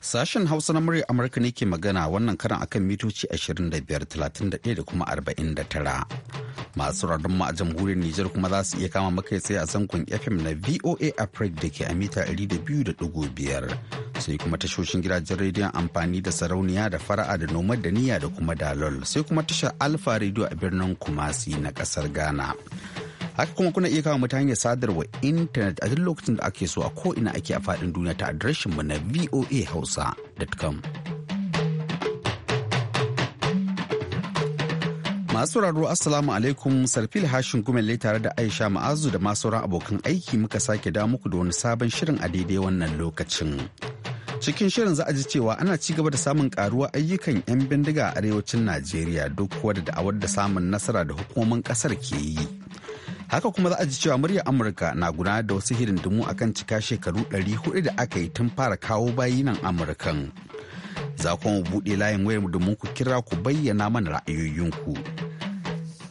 Sashen Hausa na murya Amurka ne ke magana wannan karan akan mitoci 25,31 da kuma 49. Masu radon ma a jamhuriyar Nijar kuma za su iya kama makai sai a zangon FM na VOA Africa da ke a mita 200.5 sai kuma tashoshin gidajen rediyon amfani da sarauniya da fara'a da noma da niyya da kuma dalol sai kuma tashar Alfa Radio a birnin Kumasi na kasar Ghana. haka kuma kuna iya kawo mutane hanyar sadarwa intanet a duk lokacin da ake so a ko'ina ake a faɗin duniya ta adireshin mu na voahausa.com masu sauraro assalamu alaikum sarfil hashin gumelle tare da aisha ma'azu da masu sauran abokan aiki muka sake da muku da wani sabon shirin a daidai wannan lokacin cikin shirin za a ji cewa ana ci gaba da samun karuwa ayyukan 'yan bindiga a arewacin najeriya duk kuwa da'awar da samun nasara da hukumomin kasar ke yi haka kuma za a ji cewa muryar amurka na gudanar da wasu dumu akan cika shekaru 400 da aka yi tun fara kawo bayi nan amurkan za kuma buɗe layin wayar domin ku kira ku bayyana mana ra'ayoyinku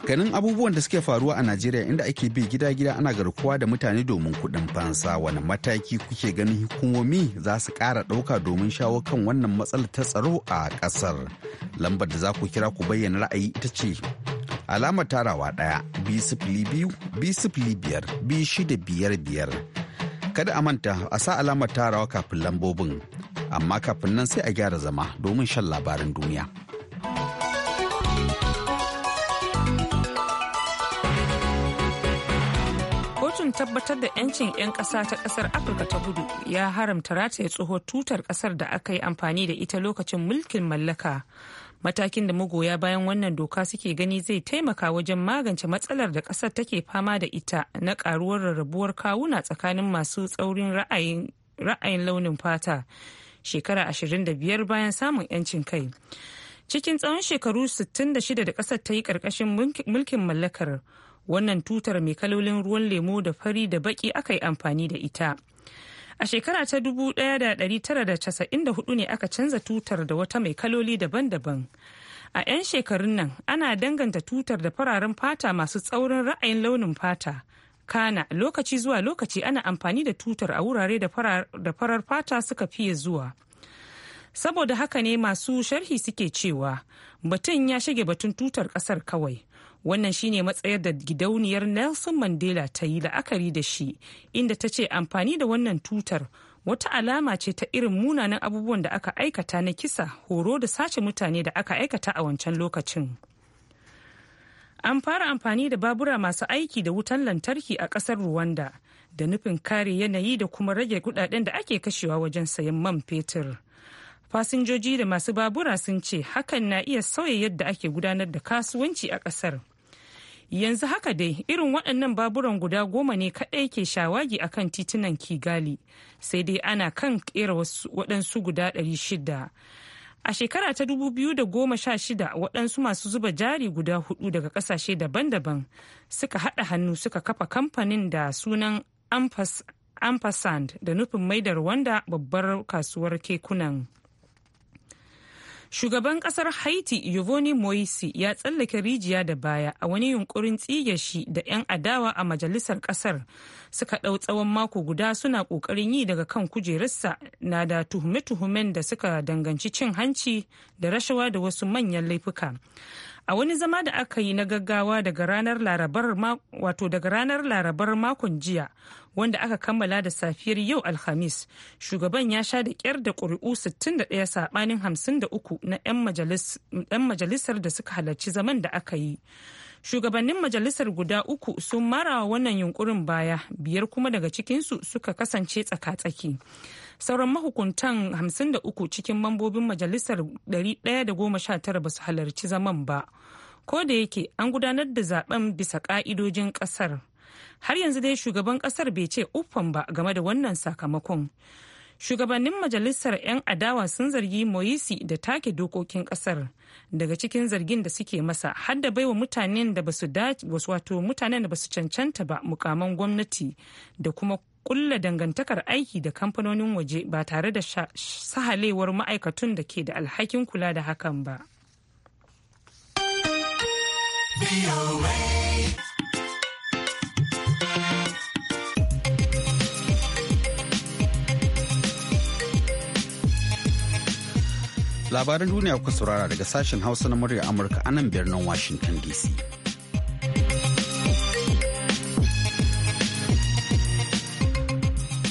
ganin abubuwan da suke faruwa a najeriya inda ake bi gida-gida ana garkuwa da mutane domin kuɗin fansa wani mataki kuke ganin hukumomi za su ƙara ɗauka domin shawo kan wannan matsalar ta tsaro a ƙasar lambar da za ku kira ku bayyana ra'ayi ita ce alama tarawa ɗaya biyar. kada a manta a sa alamar tarawa kafin lambobin amma kafin nan sai a gyara zama domin shan labarin duniya kotun tabbatar da 'yancin 'yan ƙasa ta ƙasar afirka ta gudu ya haramta rataye tsohon tutar ƙasar da aka yi amfani da ita lokacin mulkin mallaka matakin da magoya bayan wannan doka suke gani zai taimaka wajen magance matsalar da kasar take fama da ita na ƙaruwar rarrabuwar kawuna tsakanin masu tsaurin ra'ayin launin fata shekara biyar bayan samun 'yancin kai cikin tsawon shekaru 66 da kasar ta yi ƙarƙashin mulkin mallakar wannan tutar mai kalolin ruwan lemo da fari da baki aka yi amfani da ita A shekara ta 1994 ne aka canza tutar da wata mai kaloli daban-daban. A 'yan shekarun nan ana danganta tutar da fararen fata masu tsaurin ra'ayin launin fata. Kana lokaci zuwa lokaci ana amfani da tutar a wurare da farar fata suka fiye zuwa. Saboda haka ne masu sharhi suke cewa batun ya shige batun tutar kasar kawai. wannan shine matsayar da gidauniyar nelson mandela ta yi la'akari da shi inda ta ce amfani da wannan tutar wata alama ce ta irin munanan abubuwan da aka aikata na kisa horo da sace mutane da aka aikata a wancan lokacin an fara amfani da babura masu aiki da wutan lantarki a kasar rwanda da nufin kare yanayi da kuma rage kudaden da ake kashewa wajen sayan man fetur fasinjoji da masu babura sun ce hakan na iya sauya yadda ake gudanar da kasuwanci a kasar yanzu haka dai irin waɗannan baburan guda goma ne kaɗai ke shawagi a kan titunan kigali sai dai ana kan ƙera waɗansu guda 600 a shekara ta 2016 waɗansu masu zuba jari guda hudu daga ƙasashe daban-daban suka haɗa hannu suka kafa kamfanin da sunan ampersand da nufin maidar wanda babbar kasuwar kekunan Shugaban kasar Haiti Yovoni Moisi ya tsallake rijiya da baya a wani yunkurin tsige shi da 'yan adawa a majalisar kasar suka ɗau tsawon mako guda suna ƙoƙarin yi daga kan kujerarsa na da tuhume-tuhumen da suka danganci cin hanci da rashawa da wasu manyan laifuka. a wani zama da aka yi na gaggawa daga ranar larabar makon jiya wanda aka kammala da safiyar yau alhamis shugaban ya sha da kyar da ƙuri'u 61 saɓanin 53 na 'yan majalisar da suka halarci zaman da aka yi shugabannin majalisar guda uku sun mara wannan yunkurin baya biyar kuma daga cikinsu suka kasance tsaka-tsaki sauran mahukuntan 53 cikin mambobin majalisar 119 ba su halarci zaman ba ko da yake an gudanar da zaben bisa ka'idojin kasar har yanzu dai shugaban kasar bai ce uffan ba game da wannan sakamakon shugabannin majalisar 'yan adawa sun zargi moisi da take dokokin kasar daga cikin zargin da suke masa har da baiwa mutanen da basu wato mutanen da basu cancanta ba mukaman gwamnati da kuma kulla dangantakar aiki da kamfanonin waje ba tare da sahalewar ma'aikatun da ke da alhakin kula da hakan ba. labaran duniya kuka saurara daga sashen hausa na murya amurka a nan birnin washington dc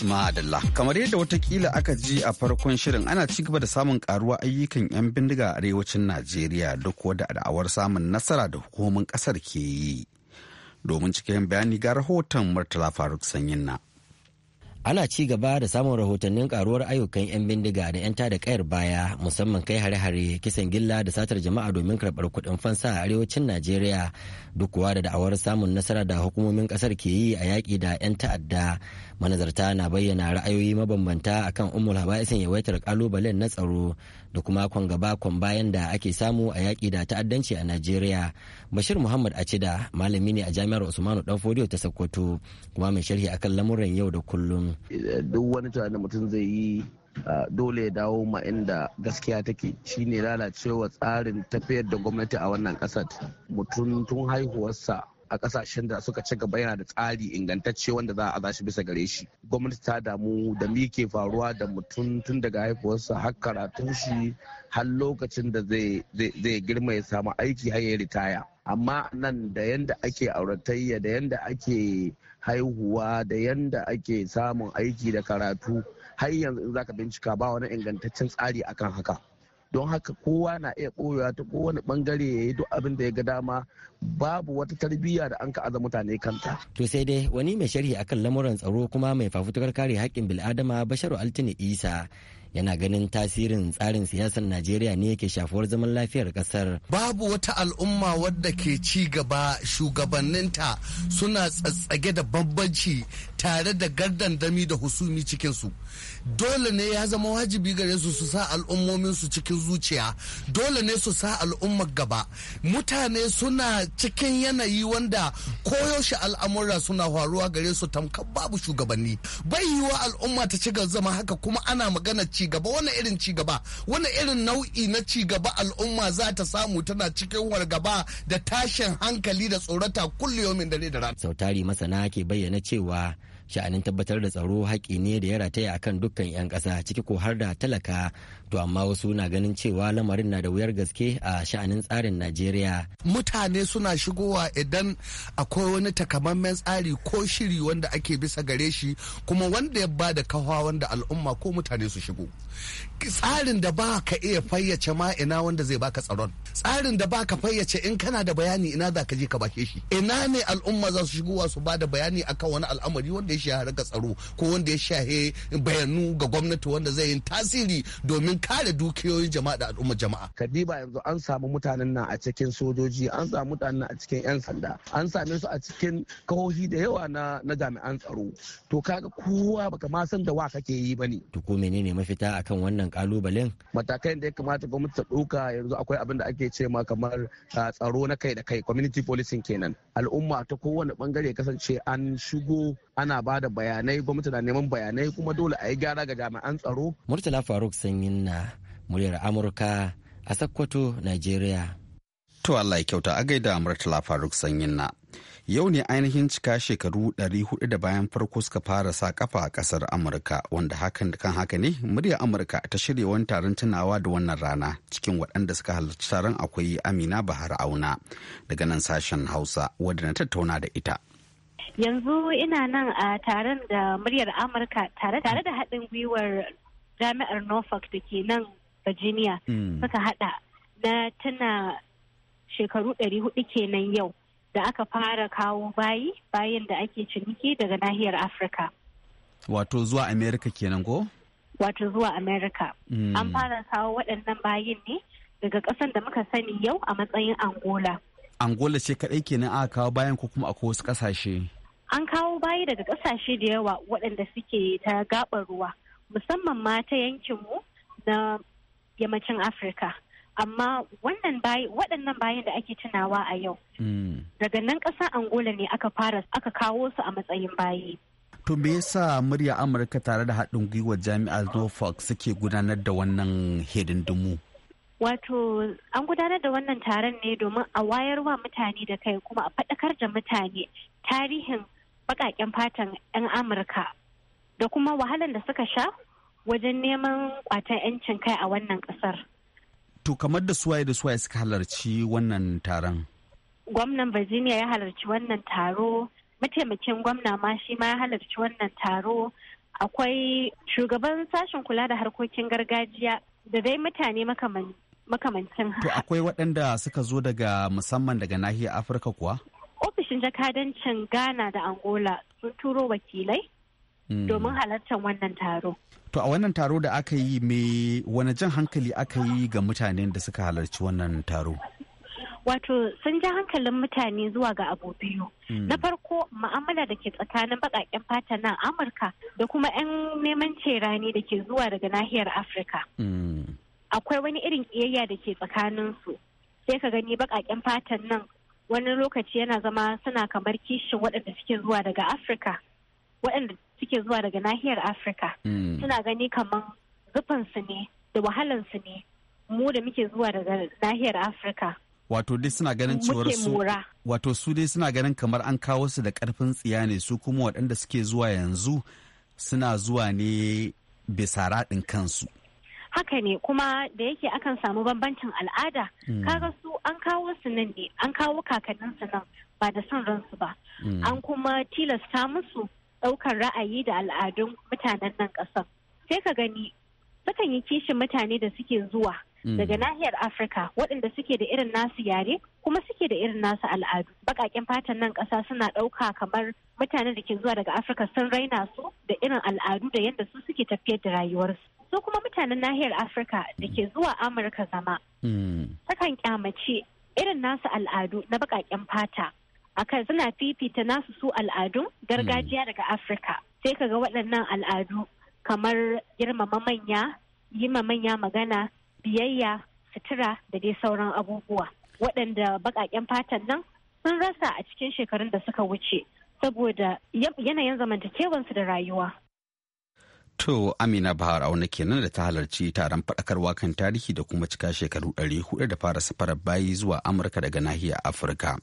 Madalla. Kamar yadda watakila aka ji a farkon shirin ana ci gaba da samun karuwa ayyukan 'yan bindiga a arewacin Najeriya duk wadda da'awar samun nasara da hukumomin kasar ke yi. Domin cikin bayani ga rahoton Murtala Faruk Sanyin na. ana ci gaba da samun rahotannin karuwar ayyukan 'yan bindiga da 'yan tada kayar baya musamman kai hare-hare kisan gilla da satar jama'a domin karɓar kuɗin fansa a arewacin najeriya duk da da'awar samun nasara da hukumomin ƙasar ke yi a yaƙi da 'yan ta'adda manazarta na bayyana ra'ayoyi mabambanta akan umul haba'isin yawaitar ƙalubalen na tsaro da kuma kwan gaba kwan bayan da ake samu a yaƙi da ta'addanci a Najeriya. Bashir Muhammad Acida malami ne a Jami'ar Usmanu Danfodiyo ta Sokoto kuma mai sharhi a kan lamuran yau da kullum. Duk wani tunanin mutum zai yi dole ya dawo ma inda gaskiya take shine lalacewa tsarin tafiyar da gwamnati a wannan kasar mutum tun haihuwarsa a kasashen da suka ci gaba yana da tsari ingantacce wanda za a shi bisa gare shi gwamnati ta damu da mike faruwa da mutum tun daga haifuwarsa har karatun shi har lokacin da zai girma ya samu aiki har ya ritaya amma nan da yanda ake auratayya da yanda ake haihuwa da yanda ake samun aiki da karatu har yanzu in zaka bincika ba wani ingantaccen tsari akan haka don haka kowa na iya ɓoyewa ta kowane bangare ya yi duk abin da ya ga dama babu wata tarbiyya da an ka aza mutane kanta. To sai dai wani mai sharhi akan lamuran tsaro kuma mai fafutukar kare haƙƙin bil'adama Basharu Altini Isa yana ganin tasirin tsarin siyasar Najeriya ne yake shafuwar zaman lafiyar ƙasar. Babu wata al'umma wadda ke ci gaba shugabanninta suna tsatsage da bambanci tare da gardandami da husumi cikinsu dole ne ya zama wajibi gare su su sa al'ummominsu cikin zuciya dole ne su sa al'ummar gaba mutane suna cikin yanayi wanda koyaushe al'amura suna faruwa gare su tamkar babu shugabanni bai wa al'umma ta cigaba zama haka kuma ana magana cigaba gaba wani irin ci wani irin nau'i na cigaba al'umma za ta samu tana cikin wargaba da tashin hankali da tsorata kulliyomin dare da rana. sautari masana ke bayyana cewa sha'anin tabbatar da tsaro haƙƙi ne da ya rataya a kan dukkan 'yan ƙasa ciki ko har da talaka to amma wasu na ganin cewa lamarin na da wuyar gaske a sha'anin tsarin najeriya mutane suna shigowa idan akwai wani takamammen tsari ko shiri wanda ake bisa gare shi kuma wanda ya ba da kawa wanda al'umma ko mutane su shigo tsarin da ba ka iya fayyace ma ina wanda zai baka tsaron tsarin da ba ka fayyace in kana da bayani ina za ka je ka bake shi ina ne al'umma za su shigowa su ba da bayani akan wani al'amari wanda wanda ya shahara ga tsaro ko wanda ya shahe bayanu ga gwamnati wanda zai yi tasiri domin kare dukiyoyin jama'a da al'ummar jama'a. Kadiba yanzu an samu mutanen nan a cikin sojoji an samu mutanen na a cikin 'yan sanda an same su a cikin kahohi da yawa na na jami'an tsaro to kaga kowa baka ma san da wa kake yi bane. To ko menene mafita akan wannan kalubalen? Matakan da ya kamata gwamnati ta ɗauka yanzu akwai abin da ake ce ma kamar ah, tsaro na kai da kai community policing kenan al'umma ta kowane bangare kasance an shigo ana ba da bayanai gwamnati na neman bayanai kuma dole a yi gyara ga jami'an tsaro. Murtala Faruk Sanyin na muryar Amurka a Sokoto, Najeriya. To Allah ya kyauta a gaida Murtala Faruk Sanyin na. Yau ne ainihin cika shekaru 400 da bayan farko suka fara sa kafa a kasar Amurka wanda hakan kan haka ne muryar Amurka ta shirya wani taron tunawa da wannan rana cikin waɗanda suka halarci taron akwai Amina Bahar Auna daga nan sashen Hausa wadda na tattauna da ita. yanzu ina nan a taron da muryar amurka tare da haɗin gwiwar jami'ar norfolk da ke nan virginia mm. suka haɗa na tuna shekaru 400 kenan yau da aka fara kawo bayi bayan da ake ciniki daga nahiyar afirka wato zuwa Amerika kenan ko wato zuwa Amerika. Mm. an fara kawo waɗannan bayin ne daga ƙasan da muka sani yau a matsayin angola angola ce kaɗai kenan aka kawo bayan ko kuma akwai wasu ƙasashe an kawo bayi daga ƙasashe da yawa waɗanda suke ta gaɓar ruwa musamman ma ta yankinmu na yammacin afirka amma waɗannan bayan da ake tunawa a yau hmm. daga nan ƙasar angola ne aka fara aka kawo su a matsayin bayi to me yasa murya amurka tare da haɗin gwiwar jami'ar norfolk suke gudanar da wannan hidindimu wato an gudanar da wannan taron ne domin a wayarwa mutane da kai kuma a faɗakar da mutane tarihin baƙaƙen fatan 'yan amurka da kuma wahalar da suka sha wajen neman kwatan 'yancin kai a wannan ƙasar to kamar da suwaye da suwaye suka halarci wannan taron gwamnan virginia ya halarci wannan taro mataimakin gwamna ma shi ma ya halarci wannan taro akwai shugaban sashen kula da harkokin gargajiya da dai mutane makamancin To akwai waɗanda suka zo daga musamman daga nahiyar Afirka kuwa? ofishin jakadancin ghana da angola sun turo wakilai hmm. domin halartar wannan taro to a wannan taro da aka yi me wani jan hankali aka yi ga mutanen da suka halarci wannan taro wato sun ji hankalin mutane zuwa ga abu biyu hmm. na farko ma'amala da ke tsakanin baƙaƙen fata nan amurka da kuma 'yan neman cerani da ke zuwa daga nahiyar afirka hmm. akwai wani irin ƙiyayya da ke tsakanin su sai ka gani baƙaƙen fatan nan wani lokaci yana zama suna kamar kishin waɗanda suke zuwa daga afirka waɗanda suke zuwa daga nahiyar afirka hmm. suna gani kamar zufansu ne da wahalansu ne mu da muke zuwa daga nahiyar afirka wato dai suna ganin cewar su wato su dai suna ganin kamar an kawo su da karfin tsiya ne su kuma waɗanda suke zuwa yanzu suna zuwa ne bisa raɗin kansu haka ne kuma da yake akan samu bambancin al'ada hmm. kaga an kawo su nan ne an kawo kakanninsu nan ba da son ransu ba hmm. an kuma tilasta musu ɗaukar ra'ayi da al'adun mutanen nan ƙasar sai ka gani sukan yi kishin mutane da suke zuwa Mm. daga nahiyar afirka waɗanda suke da irin nasu yare kuma suke da irin nasu al'adu baƙaƙen fatan nan ƙasa suna ɗauka kamar mutanen da ke zuwa daga afirka sun raina su da irin al'adu da yadda su suke tafiyar da rayuwarsu su kuma mutanen nahiyar afirka da ke zuwa amurka zama Kakan mm. kyamace irin nasu al'adu na baƙaƙen fata akan suna fifita nasu su al'adun gargajiya mm. daga afirka sai kaga waɗannan al'adu kamar girmama manya yi ma manya magana biyayya sutura da dai sauran abubuwa waɗanda baƙaƙen fatan nan sun rasa a cikin shekarun da suka wuce saboda yanayin zamantakewansu da rayuwa To Amina Bahar Auna kenan da ta halarci taron faɗakarwa kan tarihi da kuma cika shekaru 400 da fara safarar bayi zuwa Amurka daga nahiyar Afirka.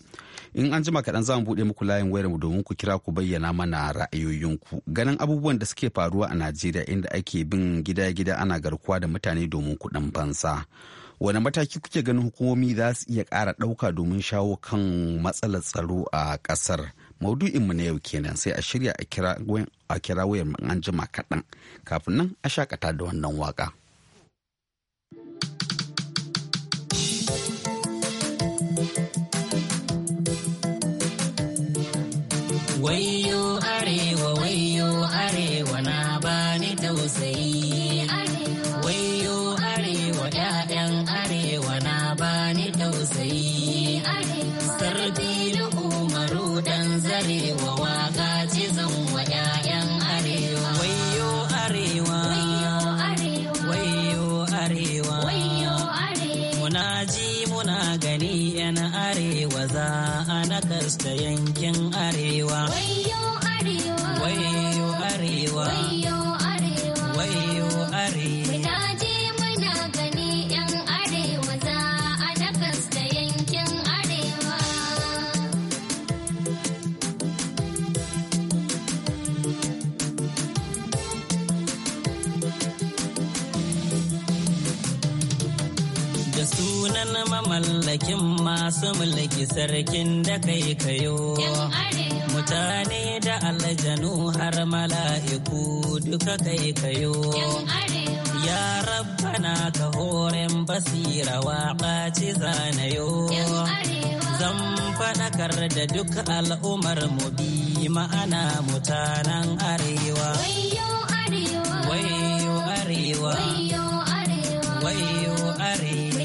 In an jima kaɗan za mu buɗe muku layin wayarmu domin ku kira ku bayyana mana ra'ayoyinku. Ganin abubuwan da suke faruwa a Najeriya inda ake bin gida-gida ana garkuwa da mutane domin kuɗin fansa. Wani mataki kuke ganin hukumomi za su iya ƙara ɗauka domin shawo kan matsalar tsaro a ƙasar? maudu'inmu na yau kenan sai a shirya a kira wayan an jima kaɗan kafin nan a shakata da wannan waka. Wayo masu mulki sarkin da kai kayo mutane da aljanu har mala'iku duka kai kayo ya rabbana ka horin basira wa ci zanayo zan faɗakar da duk al'ummar mu bi ma'ana mutanen arewa wayo arewa wayo arewa wayo arewa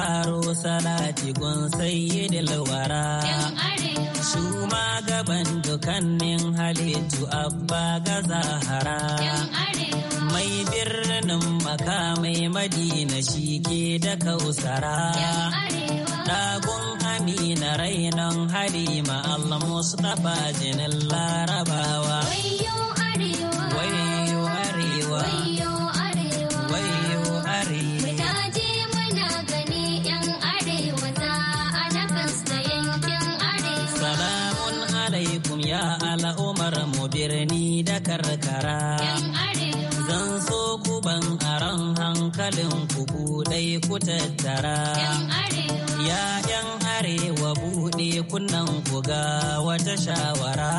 karo salati gun sayyidil wara shuma gaban dukannin halittu abba ga zahara mai birnin makamai madina shi ke da kausara dagun amina rainon halima allah mustapha jinin larabawa karkara zan so ku ban aron hankalin ku buɗe ku tattara ya yan arewa buɗe kunnan ku ga wata shawara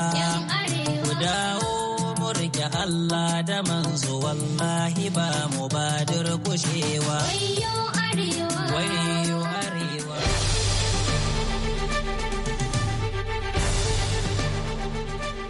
ku dawo murke Allah da manzo wallahi ba mu badir kushewa. Wayo arewa.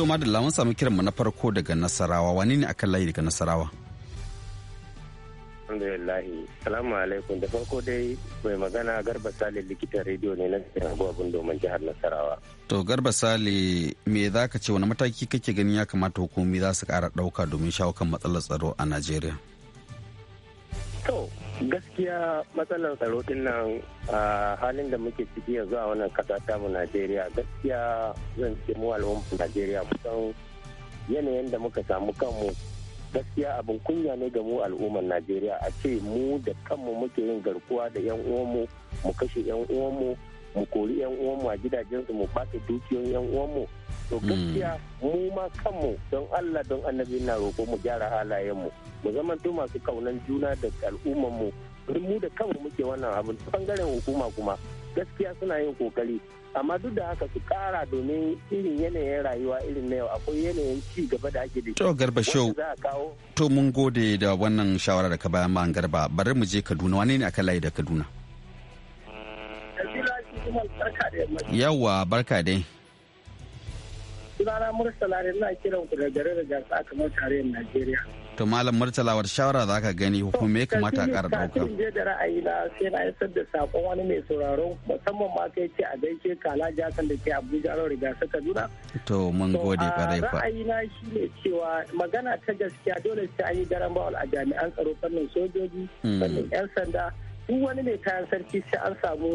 to ma da lamun samu kiran mu na farko daga Nasarawa wani ne akan layi daga Nasarawa Alhamdulillah salamu alaikum da farko dai mai magana Garba Sale likitan rediyo ne na Abubuwan Domin jihar Nasarawa To Garba Sale me za ka ce wani mataki kake ganin ya kamata hukumomi za su kara ɗauka domin shawo kan matsalar tsaro a Najeriya To gaskiya matsalar tsaro din nan a halin da muke ciki yanzu a wannan kasa ta mu najeriya gaskiya zan ce mu al'ummar najeriya kusan yanayin da muka samu kanmu gaskiya abin kunya ne ga mu al'ummar najeriya a ce mu da kanmu muke yin garkuwa da yan uwanmu mu kashe yan uwanmu mu kori yan uwanmu a gidajensu mu bata dukiyoyin yan uwanmu to hmm. gaskiya mu ma kanmu don Allah don annabi na roƙo mu gyara halayenmu mu zaman to masu kaunan juna da al'ummar mu mu da kanmu muke wannan abin bangaren hukuma kuma gaskiya suna yin kokari amma duk da haka su kara domin irin yanayin rayuwa irin na yau akwai yanayin ci gaba da ake da to garba show to mun gode da wannan shawara da ka bayan ma garba bari mu je kaduna wane ne aka layi da kaduna yawa barka dai sunana murtala ne ina kiran ku da garin da gasa a kamar tarayyar najeriya to malam murtala wata shawara za ka gani ko me kamata a ƙara ɗauka kafin je da ra'ayi na sai na isar da sakon wani mai sauraro musamman ma kai ce a gaishe kala jasan da ke abuja rawar gasa kaduna to mun gode kwarai fa ra'ayi na ne cewa magana ta gaskiya dole sai an yi garan bawal a jami'an tsaro fannin sojoji hmm. fannin yan sanda duk wani mai kayan sarki sai an samu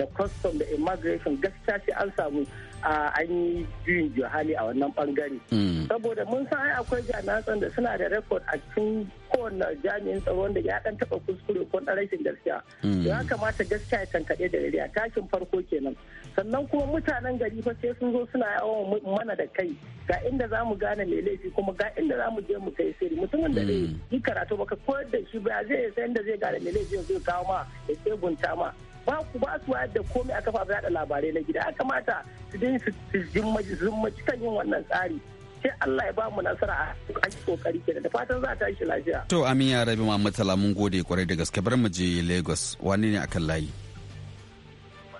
da custom da immigration gaskiya ce an samu a an yi juyin hali a wannan bangare hmm. saboda mun san ai akwai jami'an da suna da record a cikin kowane jami'in tsaro wanda ya dan taba kuskure ko dan rashin gaskiya hmm. ya kamata gaskiya ya tankaɗe da rariya tashin farko kenan sannan kuma mutanen gari fa sai sun zo suna yawon mana da kai ga inda za gane mai laifi kuma ga inda zamu je mu kai sirri mutumin da zai hmm. yi karatu baka koyar da shi ba zai sai inda zai gane mai laifi zai kawo ma ya tsegunta ma ba ku ba su wayar da komai a kafafen yada labarai na gida ya kamata su dai su zummaci kan yin wannan tsari sai Allah ya ba mu nasara a kokari kenan da fatan za ta shi lafiya to amin ya rabi Muhammad mun gode kwarai da gaske bar mu je Lagos wani ne akan layi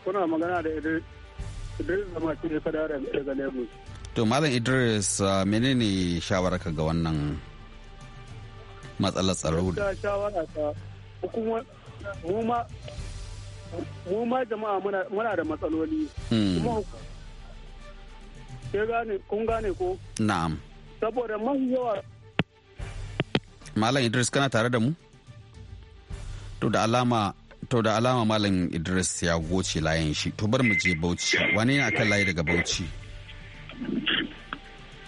kuna magana da Idris Idris zama shi ne fada daga Lagos to malam Idris ah, menene shawararka ga wannan matsalar tsaro da shawara ta mu ma mu ma jama'a muna da matsaloli hmm. kuma kun gane ko na'am saboda mafi yawa malam idris kana tare da mu to da alama to da alama malam idris ya goce layin shi to bar mu je bauchi wani ne akan layi daga bauchi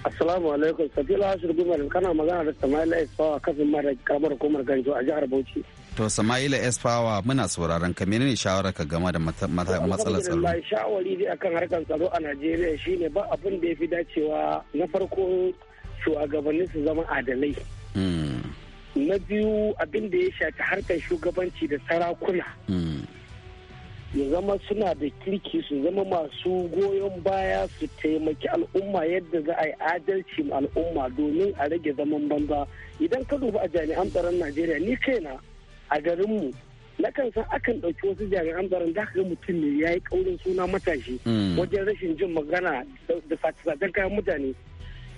assalamu alaikum sabila hashir gumar kana magana da samaila isawa kafin mara karamar hukumar ganjo a jihar bauchi To Sama'ila S Power muna sauraron ka menene shawarar ka game da matsalar tsaro? shawari dai akan harkar tsaro a Najeriya shine ba abin da ya dacewa na farko shugabanni su zama adalai. Hmm. Na biyu abin da ya shafi harkar shugabanci da sarakuna. Hmm. Ya zama suna da kirki su zama masu goyon baya su taimaki al'umma yadda za a yi adalci al'umma domin a rage zaman banza. Idan ka duba a jami'an tsaron Najeriya ni kaina. a garinmu na kan san akan ɗauki wasu jami'an tsaron da ga mutum ne ya yi ƙaurin suna matashi hmm. wajen rashin jin magana da sace kayan mutane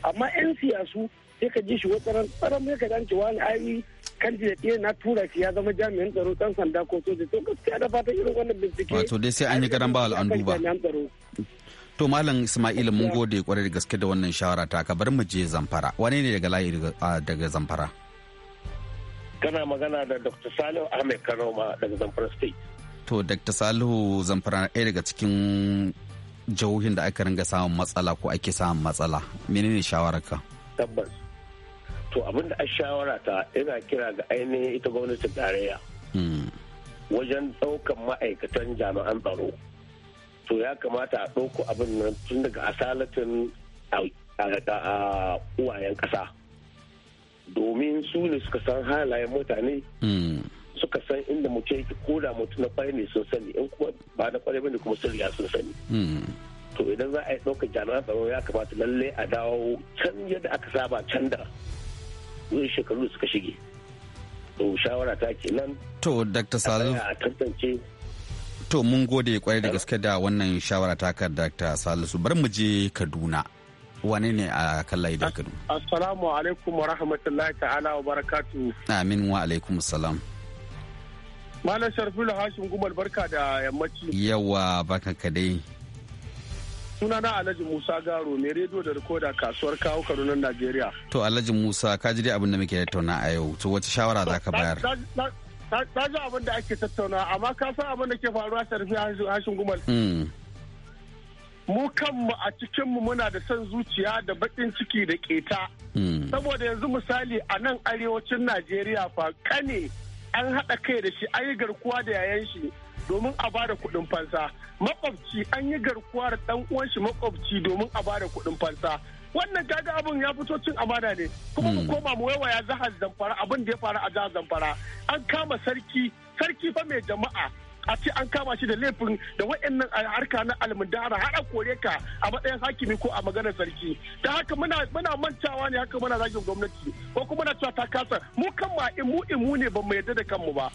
amma 'yan siyasu sai ka ji shi ran tsaron mai ka dance wani ayi kan ɗaya na tura shi ya zama jami'an tsaro ɗan sanda ko soja to gaskiya da fatan irin wannan bincike wato dai sai an yi karan bawal an duba to malam ismail mun gode kwarai da gaske da wannan shawara ta ka bar mu je zamfara wane ne daga layi daga zamfara kana magana da dr salihu ahmed kanoma daga zamfara state to dr salihu zamfara ɗaya daga cikin jihohin da aka ringa samun matsala ko ake samun matsala menene shawararka tabbas to abin da a shawara ta ina kira ga ainihin ita gwamnatin tarayya hmm. wajen ɗaukan ma'aikatan jami'an tsaro to ya kamata a ɗauko abin nan tun daga asalatin a uwayen ƙasa. domin su ne suka san halayen mutane hmm. suka san inda mutum yake koda da mutum na kwari ne sun sani in kuma ba na kwari bane kuma sirriya sun sani hmm. to idan za a yi ɗaukar jami'an tsaro ya kamata lalle a dawo can yadda aka saba can da zuwa shekaru suka shige to shawara ta ke nan. to dr salu a tantance to mun gode kwarai da gaske da wannan shawara ta kan dr salisu bar mu je kaduna wane ne a kalla idan kano assalamu alaikum wa rahmatullahi ta'ala wa barakatu amin wa alaikum salam malam sharfilu hashim gumal barka da yammaci yawa baka kadai sunana alhaji musa garo mai rediyo da rikoda kasuwar kawo kanunan najeriya to alhaji musa ka ji dai abin da muke tattauna a yau to wace shawara za ka bayar na ji abin da ake tattauna amma ka san abin da ke faruwa sharfi hashin gumal hmm. mu kanmu a cikinmu muna da son zuciya da baƙin ciki da keta. Hmm. Saboda yanzu misali a nan arewacin Najeriya fa kane an haɗa kai da shi an yi garkuwa da yayan shi domin a bada kuɗin fansa. Makwabci an yi garkuwa da ɗan uwan shi makwabci domin a bada kuɗin fansa. Wannan kaga abin ya fito cin amana ne kuma mu hmm. koma mu waiwaya zahar Zamfara abin da ya faru a jihar Zamfara an kama sarki sarki fa mai jama'a a ce an kama shi da laifin da waɗannan harka na almundara har a kore ka a matsayin hakimi ko a maganar sarki ta haka muna mancawa mantawa ne haka muna zagin gwamnati ko kuma na cewa ta kasa mu kan ma imu imu ne ba mu yadda da kanmu ba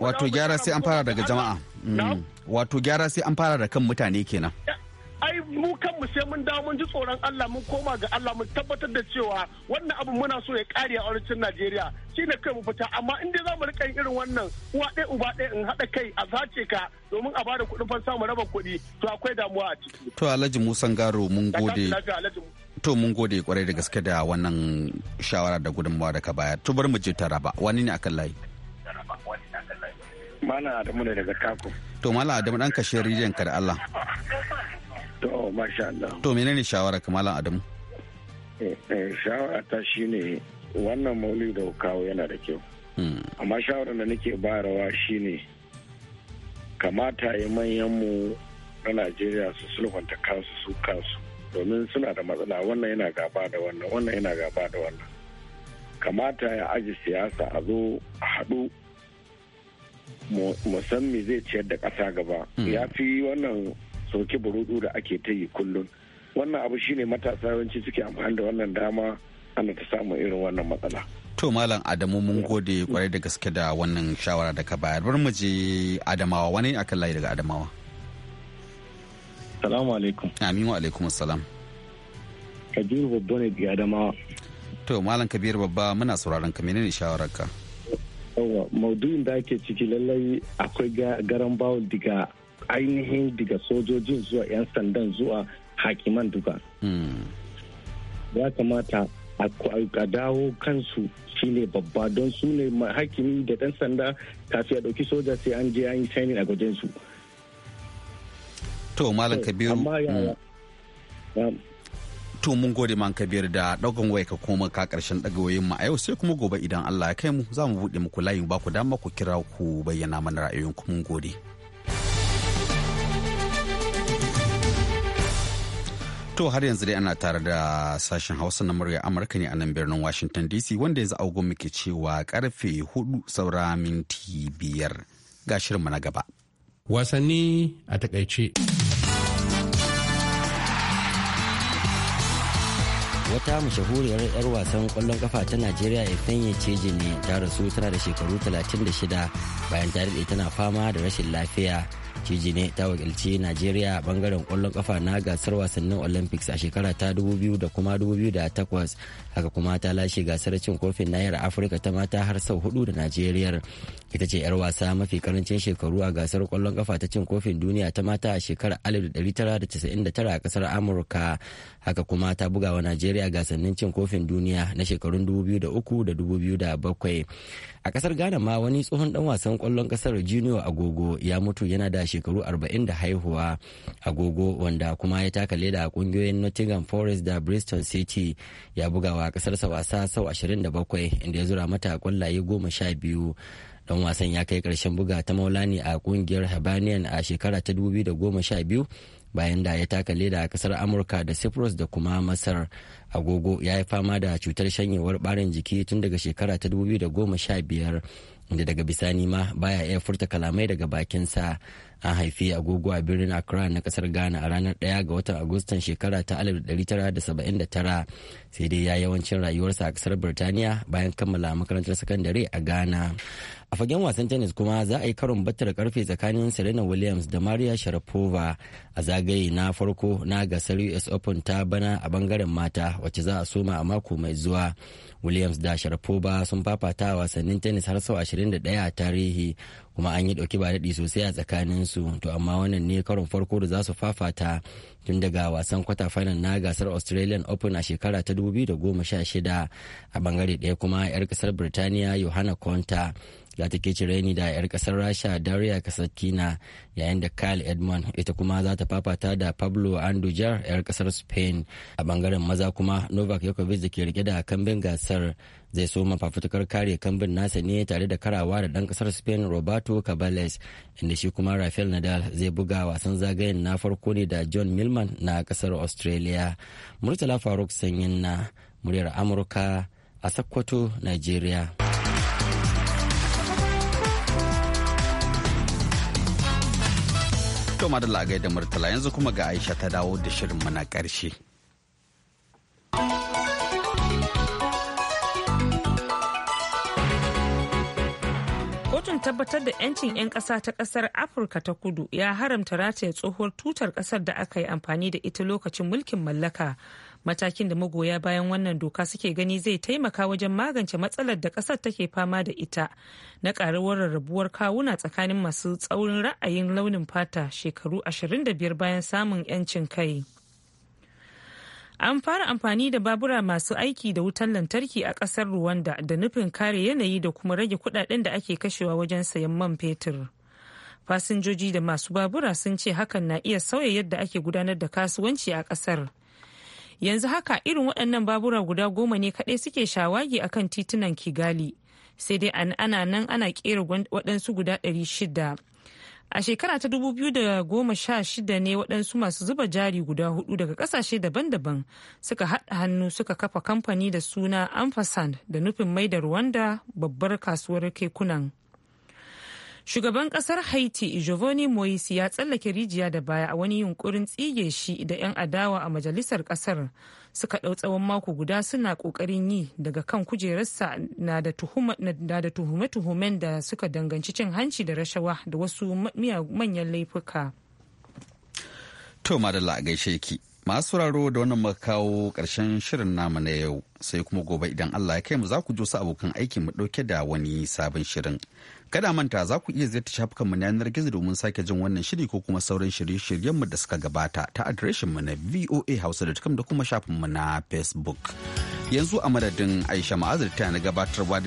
wato gyara sai an fara daga jama'a mm. wato gyara sai an fara da kan mutane kenan ai mu kanmu sai mun dawo mun ji tsoron Allah mun koma ga Allah mun tabbatar da cewa wannan abu muna so ya kare a arewacin Najeriya shine kai mu fita amma in dai zamu rika irin wannan uwa ɗaya uba ɗaya in haɗa kai a zace ka domin a bada kuɗin fansa mu raba kuɗi to akwai damuwa a ciki to Alhaji Musa Garo mun gode to mun gode kwarai da gaske da wannan shawara da gudunmawa da ka bayar to bar mu je Taraba wani ne akan layi Mana Adamu ne daga Kako. To Mala Adamu ɗan kashe rijiyar ka da Allah. To, masha Allah. To, menene shawara kamalan Adamu? Eh, eh, shawara ta shine wannan mauli da kawo yana da kyau. Hmm. Amma shawarar da nake bayarwa shine kamata ya mu na Najeriya su sulhunta kansu su kansu domin suna da matsala wannan yana gaba da wannan wannan yana gaba da wannan. Kamata ya aji siyasa a zo a haɗu musamman zai ciyar da ƙasa gaba. Hmm. Ya fi wannan sauke burudu da ake ta yi kullum wannan abu shine matasa yawanci suke amfani da wannan dama ana ta samun irin wannan matsala to malam adamu mun gode kwarai da gaske da wannan shawara da ka bayar bar mu je adamawa wani akan layi daga adamawa salamu alaikum amin wa alaikum assalam kabiru babba ne ga adamawa to malam kabiru babba muna sauraron ka menene ka yawa maudu'in da ake ciki lallai akwai garan bawul diga ainihin daga sojojin zuwa 'yan sandan zuwa hakiman duka hmm. ya kamata a dawo kansu shine babba don su ne hakimi da ɗan sanda kafi a ɗauki soja sai an je an yi training a gwajen to malam eh, kabiru hmm. to mun gode man kabir da ɗaukan waya ka koma ka karshen dagawoyin mu a yau sai kuma gobe idan Allah ya kai mu za mu buɗe muku layin ba ku dama ku kira ku bayyana mana ra'ayoyinku mun gode. To har yanzu dai ana tare da sashen Hausa na murya Amurka ne a nan birnin Washington DC wanda yanzu agogon muke cewa karfe hudu saura minti biyar ga shirinmu na gaba. Wasanni a takaice. Wata mashahuriyar 'yar wasan kwallon kafa ta Najeriya Efenye ce jini ta rasu tana da shekaru 36 bayan tare tana fama da rashin lafiya. Ciji ta wakilci Najeriya a bangaren kwallon kafa na gasar wasannin Olympics a shekara ta 2000 da kuma 2008 haka kuma ta lashe gasar cin kofin nahiyar Afirka ta mata har sau hudu da Najeriya. Ita ce 'yar wasa mafi karancin shekaru a gasar kwallon kafa ta cin kofin duniya ta mata a shekarar 1999 a kasar Amurka. Haka kuma ta bugawa Najeriya gasannin cin kofin duniya na shekarun 2003 da 2007. a kasar ghana ma wani tsohon dan wasan kwallon kasar junior agogo ya mutu yana da shekaru 40 da haihuwa agogo wanda kuma ya taka leda a kungiyoyin nottingham forest da bristol city ya bugawa kasarsa wasa sau 27 inda ya zura mata kwallaye 12 dan wasan ya kai karshen buga ta maulani a kungiyar habanian a shekara ta 2012 bayan da ya taka leda a kasar amurka da cyprus da kuma masar agogo ya yi fama da cutar shanyewar barin jiki tun daga shekara ta 2015 da daga bisani ma baya iya furta kalamai daga bakinsa an haifi agogo a birnin accra na kasar ghana a ranar 1 ga watan agustan shekara ta 1979 sai dai ya yawancin rayuwarsa a kasar birtaniya bayan kammala makarantar sakandare a ghana a fagen wasan tennis kuma za a yi karon battar karfe tsakanin serena williams da maria sharapova a zagaye na farko na gasar us open ta bana a bangaren mata wacce za a soma a mako mai zuwa williams da sharapova sun fafata wasannin tennis har sau 21 a tarihi kuma an yi ɗauki ba daɗi sosai a tsakanin su to amma wannan ne karon farko da za su fafata tun daga wasan kwata final na gasar australian open a shekara ta 2016 a bangare ɗaya kuma 'yar ƙasar birtaniya yohana conta za ta kece da 'yar kasar rasha daria kina yayin da kyle edmond ita kuma za ta fafata da pablo andujar 'yar kasar spain a bangaren maza kuma novak yakovic da ke rike da kambin gasar zai soma fafutukar kare kambin nasa ne tare da karawa da dan kasar spain roberto cabales inda shi kuma rafael nadal zai buga wasan zagayen na farko ne da john milman na kasar australia murtala faruk sanyin na muryar amurka a sakkwato nigeria To madalla a da Murtala yanzu kuma ga Aisha ta dawo da shirin mana karshe. Kotun tabbatar da 'yancin 'yan ƙasa ta ƙasar Afirka ta kudu ya haramta rataya tsohuwar tutar ƙasar da aka yi amfani da ita lokacin mulkin mallaka matakin da magoya bayan wannan doka suke gani zai taimaka wajen magance matsalar da kasar take fama da ita na karuwar rarrabuwar kawuna tsakanin masu tsaurin ra'ayin launin fata shekaru 25 bayan samun 'yancin kai an fara amfani da babura masu aiki da wutar lantarki a kasar rwanda da nufin kare yanayi da kuma rage kudaden da ake kashewa wajen sayan man fetur. fasinjoji da masu babura sun ce hakan na iya sauya yadda ake gudanar da kasuwanci a kasar yanzu haka irin waɗannan babura guda goma ne kaɗai suke shawagi a kan titunan kigali sai dai ana nan ana ƙera waɗansu guda ɗari shida a shekara ta dubu biyu da goma sha shida ne waɗansu masu zuba jari guda hudu daga ƙasashe daban-daban suka haɗa hannu suka kafa kamfani da suna ampersand da nufin mai da rwanda babbar kasuwar kekunan Shugaban kasar Haiti Giovanni Moise ya tsallake rijiya da baya a wani yunkurin tsige shi da 'yan adawa a majalisar kasar suka ɗau tsawon mako guda suna kokarin yi daga kan kujerarsa na da tuhume-tuhumen da suka danganci cin hanci da rashawa da wasu manyan laifuka. To madalla a gaishe ki. Masu sauraro da wannan muka kawo ƙarshen shirin namu na yau sai kuma gobe idan Allah ya kai mu za ku jo su abokan aiki mu ɗauke da wani sabon shirin. Kada manta za ku iya ziyarta shafukanmu na yanar gizo domin sake jin wannan shiri ko kuma sauran shirye-shiryenmu da suka gabata ta adireshinmu na voahausa.com da kuma shafinmu na Facebook. Yanzu a madadin Aisha Ma'azir ta na gabatarwa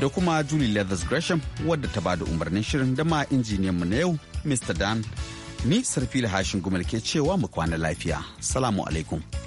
da kuma Julie Leathers Gresham wadda ta bada umarnin shirin da ma injiniyanmu na yau Mr. Dan. Ni Sarfila Hashin Gumal ke cewa mu kwana lafiya. Salamu alaikum.